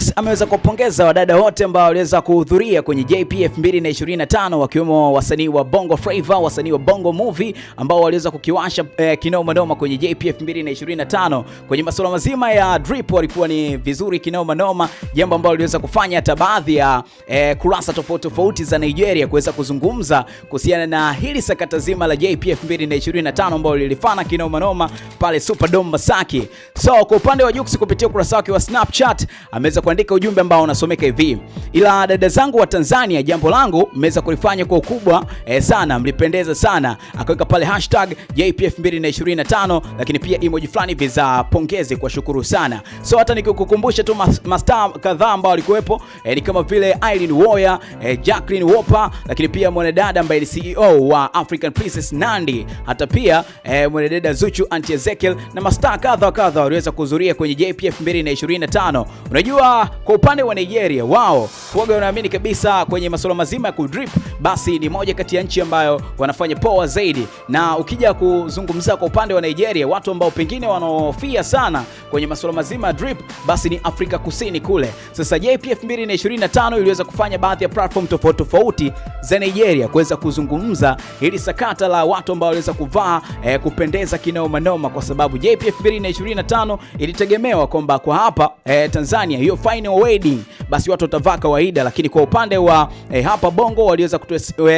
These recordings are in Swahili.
Jux ameweza kuwapongeza wadada wote ambao waliweza kuhudhuria kwenye JPF 2025 wakiwemo wasanii wa Bongo Flava, wasanii wa Bongo Movie ambao waliweza kukiwasha eh, kinoma noma kwenye JPF 2025. Kwenye masuala mazima ya drip walikuwa ni vizuri kinoma noma, jambo ambalo waliweza kufanya hata baadhi ya eh, kurasa tofauti tofauti za Nigeria kuweza kuzungumza kuhusiana na hili sakata zima la JPF 2025 ambao lilifana kinoma noma pale Superdome Masaki. So kwa upande wa Jux kupitia ukurasa wake wa Snapchat ameweza kuandika ujumbe ambao unasomeka hivi: ila dada zangu wa Tanzania, jambo langu mmeweza kulifanya kwa ukubwa eh, sana, mlipendeza sana. Akaweka pale hashtag JPF 2025 lakini pia emoji fulani viza pongezi kwa shukuru sana. So hata nikikukumbusha tu mastaa kadhaa ambao walikuwepo eh, ni kama vile Irene Woya, eh, Jacqueline Wopa, lakini pia mwanadada ambaye ni CEO wa African Princess Nandi, hata pia eh, mwanadada Zuchu, Auntie Ezekiel na mastaa kadha kadha waliweza kuhudhuria kwenye JPF 2025. Unajua kwa upande wa Nigeria, wao huaga wanaamini kabisa kwenye masuala mazima ya kudrip basi ni moja kati ya nchi ambayo wanafanya poa zaidi. Na ukija kuzungumza kwa upande wa Nigeria, watu ambao pengine wanaofia sana kwenye masuala mazima drip, basi ni Afrika Kusini kule. Sasa JPF 2025 iliweza kufanya baadhi ya platform tofauti tofauti za Nigeria kuweza kuzungumza ili sakata la watu ambao waliweza kuvaa eh, kupendeza kinoma noma, kwa sababu JPF 2025 ilitegemewa kwamba kwa hapa eh, Tanzania hiyo final wedding, basi watu watavaa kawaida, lakini kwa upande wa eh, hapa Bongo waliweza kutu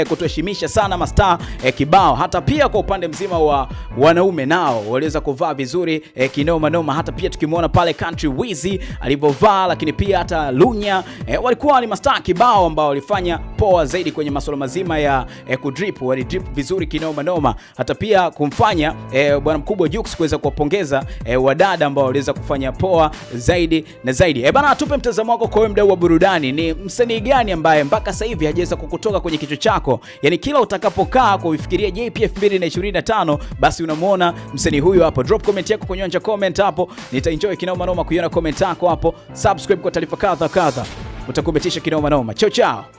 kutuheshimisha sana masta eh, kibao. Hata pia kwa upande mzima wa wanaume nao waliweza kuvaa vizuri eh, kinoma noma. Hata pia tukimwona pale Country Wizzy alivyovaa, lakini pia hata Lunya eh, walikuwa ni masta kibao ambao walifanya poa zaidi kwenye masuala mazima ya eh, kudrip, wali drip vizuri kinoma noma, hata pia kumfanya eh, bwana mkubwa Jux kuweza kuwapongeza eh, wadada ambao waliweza kufanya poa zaidi na zaidi. Eh, bana, tupe mtazamo wako kwa mdau wa burudani, ni msanii gani ambaye mpaka sasa hivi hajaweza kukutoka kwenye kichwa chako? Yani kila utakapokaa kuifikiria JPF 2025 basi unamuona msanii huyo hapo. Drop comment yako kwenye anja comment hapo, nitaenjoy kinoma noma kuiona comment yako hapo. Subscribe kwa taarifa kadha kadha, utakumbetisha kinoma noma. Chao chao.